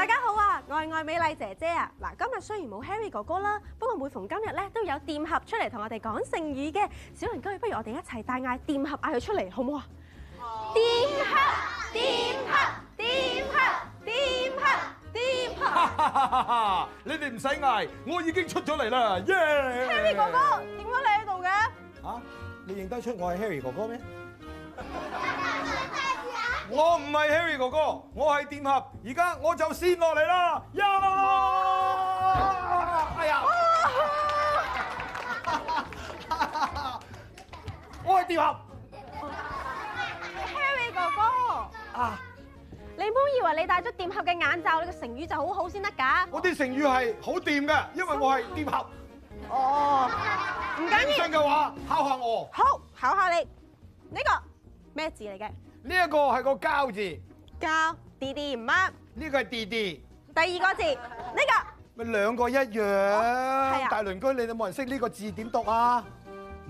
大家好啊，我係愛，愛美麗姐姐啊。嗱，今日雖然冇 Harry 哥哥啦，不過每逢今日咧都有扂俠出嚟同我哋講成語嘅。小林哥，不如我哋一齊大嗌扂俠嗌佢出嚟，好唔好啊？扂俠、oh.，扂俠，扂俠，扂俠，扂俠。俠 你哋唔使嗌，我已經出咗嚟啦。Yeah. Harry 哥哥，點解 你喺度嘅？啊，你認得出我係 Harry 哥哥咩？ 我唔係 Harry 哥哥，我係扂俠。而家我就先落嚟啦，一、yeah! oh. 哎呀，我係扂俠，Harry 哥哥。啊，ah. 你唔好以為你戴咗扂俠嘅眼罩，你個成語就好好先得㗎。我啲成語係好掂嘅，因為我係扂俠。哦，唔緊要。嘅話，考下我。好，考下你呢個咩字嚟嘅？呢一個係個膠字，膠弟弟唔啱。呢個係弟弟，弟弟第二個字，呢對、這個咪兩個一樣。係啊嗎。大鄰居，你哋冇人識呢個字點讀啊？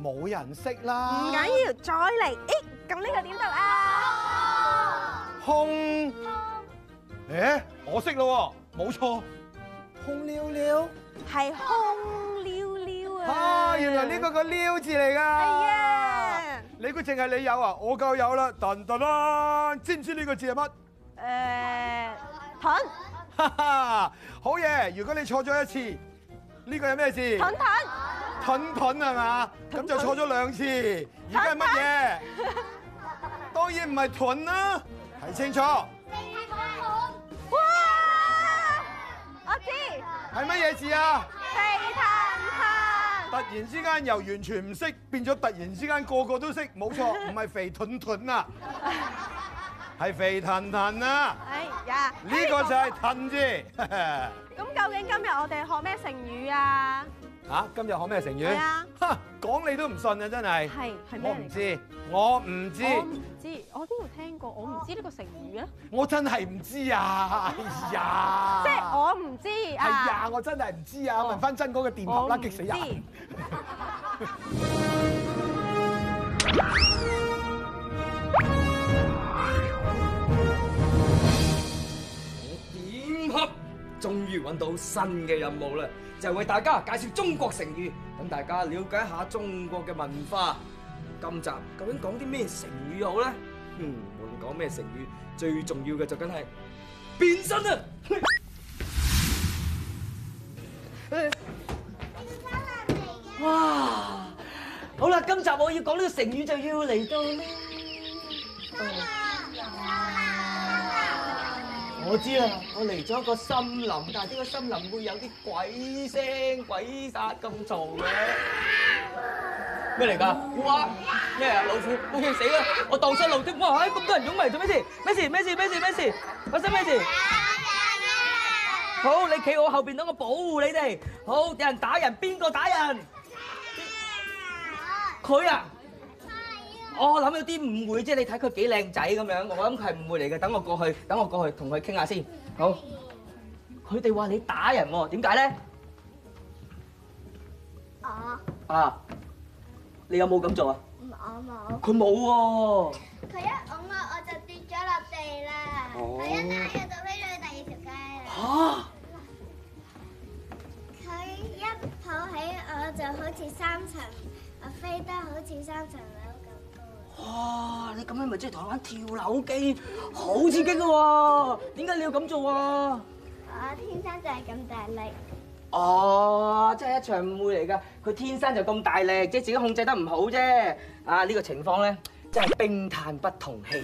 冇人識啦。唔緊要，再嚟。咁、欸、呢個點讀啊？空。誒空、欸，我識咯喎，冇錯。空溜溜，係空溜溜啊。哦，原來呢個個溜字嚟㗎。係啊。你估淨係你有啊？我夠有啦！噔噔啦，知唔知呢個字係乜？誒，屯。哈哈，好嘢！如果你錯咗一次，呢個係咩字？屯屯屯屯係咪啊？咁就錯咗兩次。而家係乜嘢？當然唔係屯啦。睇清楚。屯屯。哇！我知。係乜嘢字啊？突然之間又完全唔識，變咗突然之間個個都識，冇錯，唔係肥屯屯啊，係 肥騰騰啊！哎呀，呢個就係騰啫。咁 究竟今日我哋學咩成語啊？啊！今日學咩成語？係啊！講你都唔信啊！真係係係咩嚟？我唔知，我唔知，我唔知，我邊度聽過？我唔知呢個成語啊！我真係唔知啊！哎呀！即係我唔知啊！哎呀！我真係唔知啊！問翻真哥嘅電話啦，激死人！終於揾到新嘅任務啦，就係為大家介紹中國成語，等大家瞭解一下中國嘅文化。今集究竟講啲咩成語好咧？嗯，無論講咩成語，最重要嘅就梗係變身啊！哇，好啦，今集我要講呢個成語就要嚟到。我知啊，我嚟咗一個森林，但係呢個森林會有啲鬼聲鬼殺咁嘈嘅。咩嚟㗎？烏鴉？咩啊？老鼠？驚死啦！我蕩失路的。哇嗨！咁多人擁埋做咩事？咩事？咩事？咩事？咩事？發生咩事？好，你企我後面等我保護你哋。好，有人打人，邊個打人？佢啊！我諗有啲誤會，即係你睇佢幾靚仔咁樣，我諗佢係誤會嚟嘅。等我過去，等我過去同佢傾下先。好，佢哋話你打人喎，點解咧？啊啊！你有冇咁做啊？我冇。佢冇喎。佢一擁我，我就跌咗落地啦。佢一拉，我就飛咗去第二條街啊！嚇！佢一抱起我，就好似三層，我飛得好似三層樓。哇！你咁樣咪即係台灣跳樓機，好刺激咯喎！點解你要咁做啊？我天生就係咁大力。哦，即係一場誤會嚟㗎。佢天生就咁大力，即係自己控制得唔好啫。啊，呢個情況咧，真係冰炭不同器。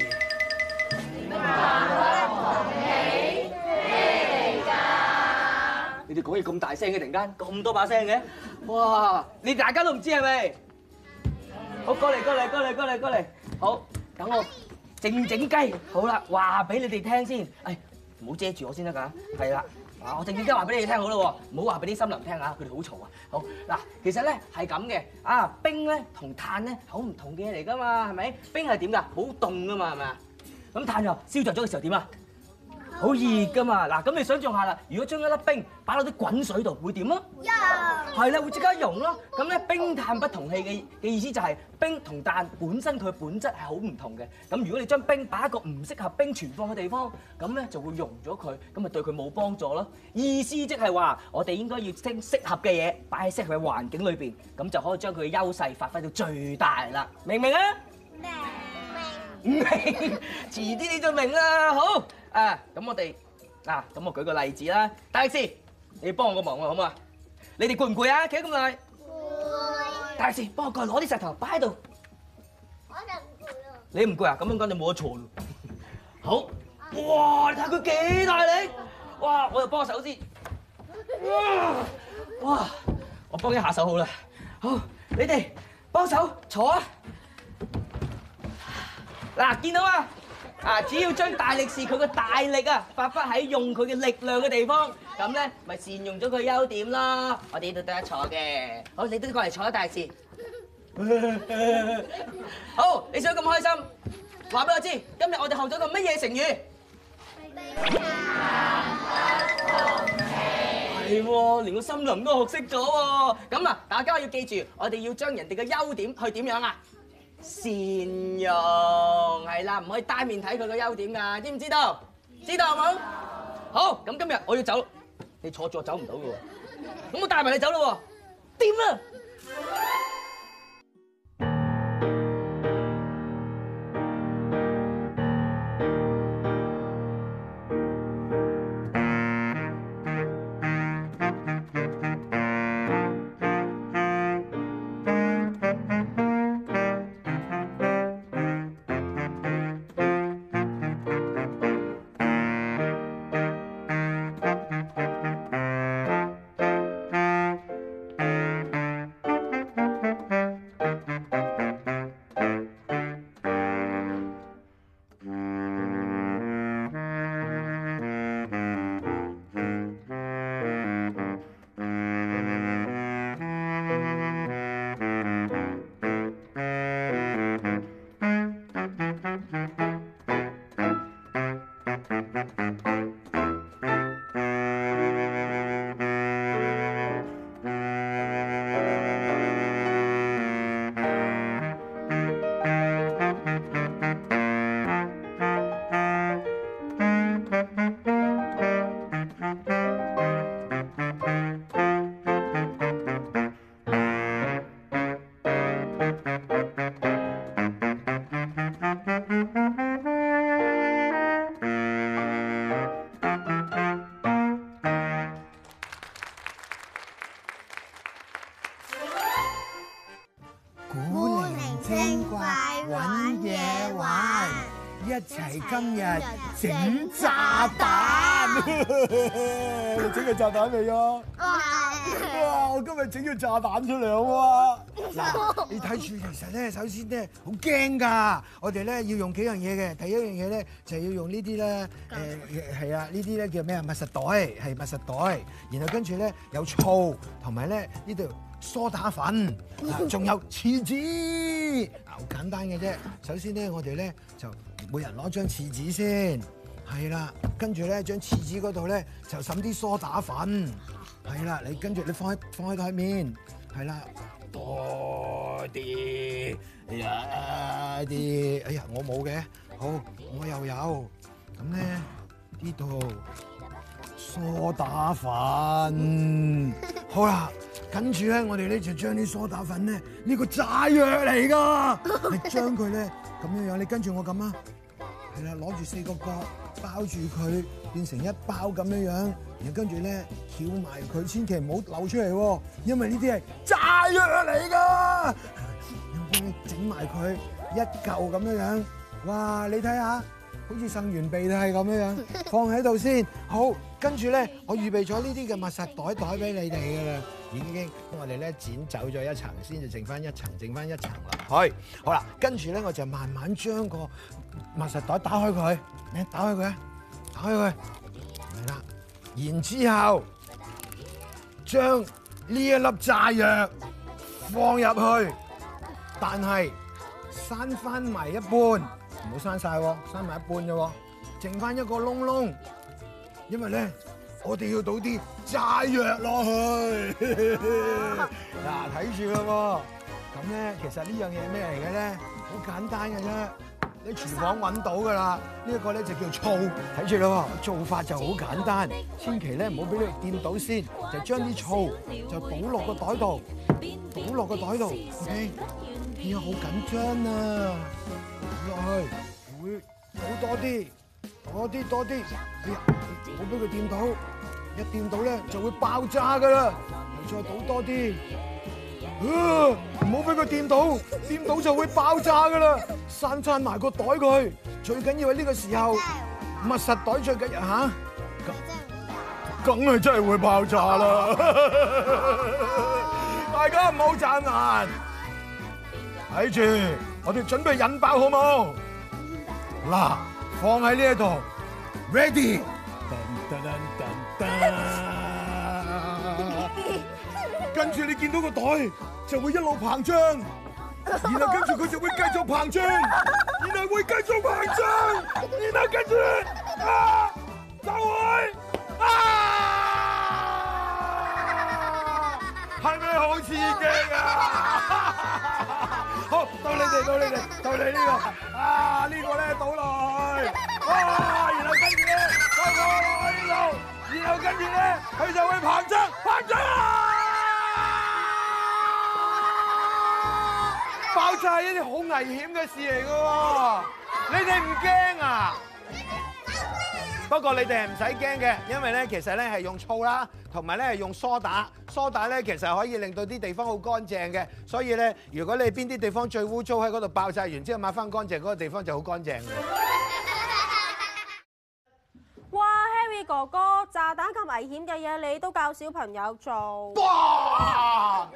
冰炭不同器，咩嚟㗎？你哋講嘢咁大聲嘅，突然間咁多把聲嘅，哇！你大家都唔知係咪？好，過嚟過嚟過嚟過嚟過嚟，好，等我靜靜雞，好啦，話俾你哋聽先，誒，唔好遮住我先得㗎，係啦，嗱，我靜靜雞話俾你哋聽好啦喎，唔好話俾啲森林聽啊，佢哋好嘈啊，好，嗱，其實咧係咁嘅，啊，冰咧同炭咧好唔同嘅嘢嚟㗎嘛，係咪？冰係點㗎？好凍㗎嘛，係咪啊？咁炭又燒着咗嘅時候點啊？好熱噶嘛，嗱咁你想象下啦，如果將一粒冰擺落啲滾水度，會點咯？溶。係啦，會即刻溶咯。咁咧，冰炭不同器嘅嘅意思就係冰同炭本身佢嘅本質係好唔同嘅。咁如果你將冰擺喺一個唔適合冰存放嘅地方，咁咧就會溶咗佢，咁啊對佢冇幫助咯。意思即係話，我哋應該要將適合嘅嘢擺喺適合嘅環境裏邊，咁就可以將佢嘅優勢發揮到最大啦。明唔明啊？明。唔明，遲啲你就明啦。好。啊，咁我哋嗱，咁我舉個例子啦。大師，你幫我個忙喎，好嘛？你哋攰唔攰啊？企咁耐。攰。大師，幫我過攞啲石頭擺喺度。我真攰啊。你唔攰啊？咁樣講就冇得錯咯。好。哇！你睇佢幾大力！哇！我又幫手先。哇！哇！我幫一下手好啦。好，你哋幫手坐啊。嗱，見到啊？啊！只要將大力士佢嘅大力啊，發揮喺用佢嘅力量嘅地方，咁咧咪善用咗佢優點咯。我哋都得一坐嘅，好，你都過嚟坐一帶字。好，你笑咁開心，話俾我知，今日我哋學咗個乜嘢成語？係喎，連個森林都學識咗喎。咁啊，大家要記住，我哋要將人哋嘅優點去點樣啊？善用係啦，唔可以單面睇佢個優點㗎，知唔知道？ 知道好冇？好，咁今日我要走，你坐咗，走唔到嘅喎，咁我帶埋你走啦喎，掂啦。 整炸彈，你整個炸彈嚟咯！哇！哇！我今日整咗炸彈出嚟好唔好啊？嗱，你睇住，其實咧，首先咧，好驚㗎。我哋咧要用幾樣嘢嘅。第一樣嘢咧，就係要用呢啲咧，誒，係啊，呢啲咧叫咩啊？密實袋，係密實袋。然後跟住咧有醋，同埋咧呢度梳打粉，仲有廁紙。嗱，好簡單嘅啫。首先咧，我哋咧就。每人攞張廁紙先，係啦，跟住咧張廁紙嗰度咧就滲啲梳打粉，係啦，你跟住你放喺放喺塊面，係啦，多啲，哎呀啲，哎呀我冇嘅，好我又有，咁咧呢度梳打粉，好啦，跟住咧我哋咧就將啲梳打粉咧呢個炸藥嚟㗎，你 將佢咧。咁樣樣，你跟住我咁啊，係啦，攞住四個角包住佢，變成一包咁樣樣，然後跟住咧翹埋佢，千祈唔好扭出嚟，因為呢啲係炸藥嚟噶，有冇整埋佢一嚿咁樣樣？哇，你睇下，好似擤完鼻都係咁樣樣，放喺度先。好，跟住咧，我預備咗呢啲嘅密實袋袋俾你哋噶啦。已經我哋咧剪走咗一層，先至剩翻一層，剩翻一層喇係。好啦，跟住咧我就慢慢將個密實袋打開佢，咩？打開佢，打開佢，係啦。然之後將呢一粒炸藥放入去，但係閂翻埋一半，唔好閂晒喎，閂埋一半啫喎，剩翻一個窿窿，因為咧。我哋要倒啲炸藥落去，嗱，睇住咯，咁咧其實呢樣嘢咩嚟嘅咧？好簡單嘅啫，喺廚房揾到噶啦。呢一個咧就叫醋，睇住咯，做法就好簡單，千祈咧唔好俾你掂到先，就將啲醋就倒落個袋度，倒落個袋度，OK，變咗好緊張啊，倒落去，會倒多啲，多啲多啲，哎呀，唔好俾佢掂到。一掂到咧，就會爆炸噶啦！又再倒多啲，唔好俾佢掂到，掂到就會爆炸噶啦！散翻埋個袋佢，最緊要喺呢個時候密實袋着緊吓，梗係真係會爆炸啦！大家唔好眨眼，睇住，我哋準備引爆好唔好？嗱，放喺呢度，ready。跟住你見到個袋就會一路膨脹，然後跟住佢就會繼續膨脹，然後會繼續膨脹，啊、我 Arizona，然後跟住啊，就係啊，係咪好刺激啊？好， 到你哋，到你哋，到你呢個啊，呢個咧倒落去，哇！然後跟住咧，倒落去一然後跟住咧，佢就會膨脹，膨脹、啊、爆炸呢啲好危險嘅事嚟嘅喎，你哋唔驚啊？不過你哋係唔使驚嘅，因為咧其實咧係用醋啦，同埋咧用梳打，梳打咧其實可以令到啲地方好乾淨嘅。所以咧，如果你邊啲地方最污糟，喺嗰度爆炸完之後抹翻乾淨，嗰、那個地方就好乾淨。哥哥，炸彈咁危險嘅嘢，你都教小朋友做？哇！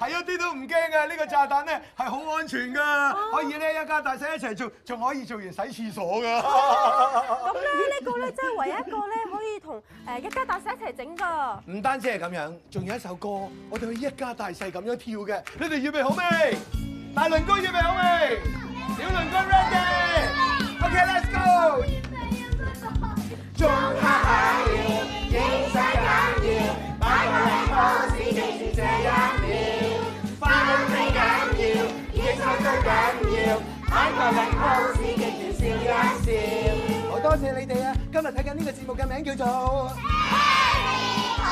係 一啲都唔驚嘅，呢、這個炸彈咧係好安全噶，啊、可以咧一家大細一齊做，仲可以做完洗廁所噶、啊。咁咧呢個咧真係唯一一個咧可以同誒一家大細一齊整噶。唔單止係咁樣，仲有一首歌，我哋要一家大細咁樣跳嘅。你哋預備好未？大鄰哥預備好未？小鄰哥 ready？OK，let's、okay, go！多謝你哋啊！今日睇緊呢個節目嘅名叫做《天堂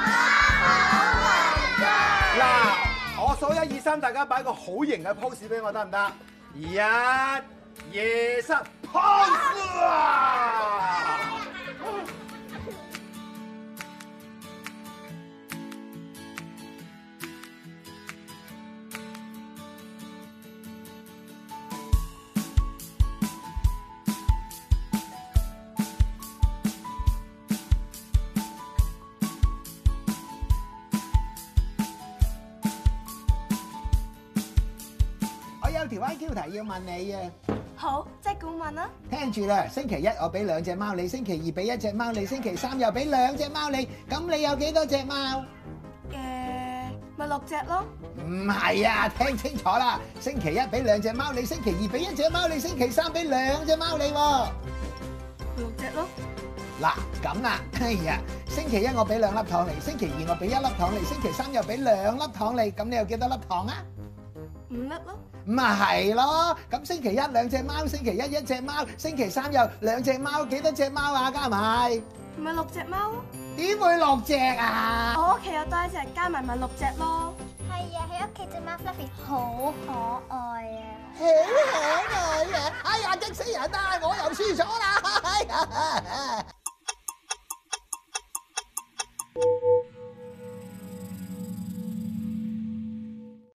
好滿足》。嗱，我數一二三，大家擺個好型嘅 pose 俾我得唔得？一夜失 pose 啊！要問你啊！好，即係咁問啦。聽住啦，星期一我俾兩隻貓你，星期二俾一隻貓你，星期三又俾兩隻貓你，咁你有幾多隻貓？誒，咪六隻咯。唔係啊，聽清楚啦，星期一俾兩隻貓你，星期二俾一隻貓你，星期三俾兩隻貓你。六隻咯。嗱，咁啦，哎呀，星期一我俾兩粒糖你，星期二我俾一粒糖你，星期三又俾兩粒糖你，咁你有幾多粒糖啊？五粒咯，咁啊係咯，咁星期一兩隻貓，星期一一隻貓，星期三又兩隻貓，幾多隻貓啊？加埋咪六隻貓，點會六隻啊？我屋企有多一隻，加埋咪六隻咯。係啊，喺屋企隻貓 Fluffy 好可愛啊！好可愛啊！哎呀，激死人啦！我又輸咗啦！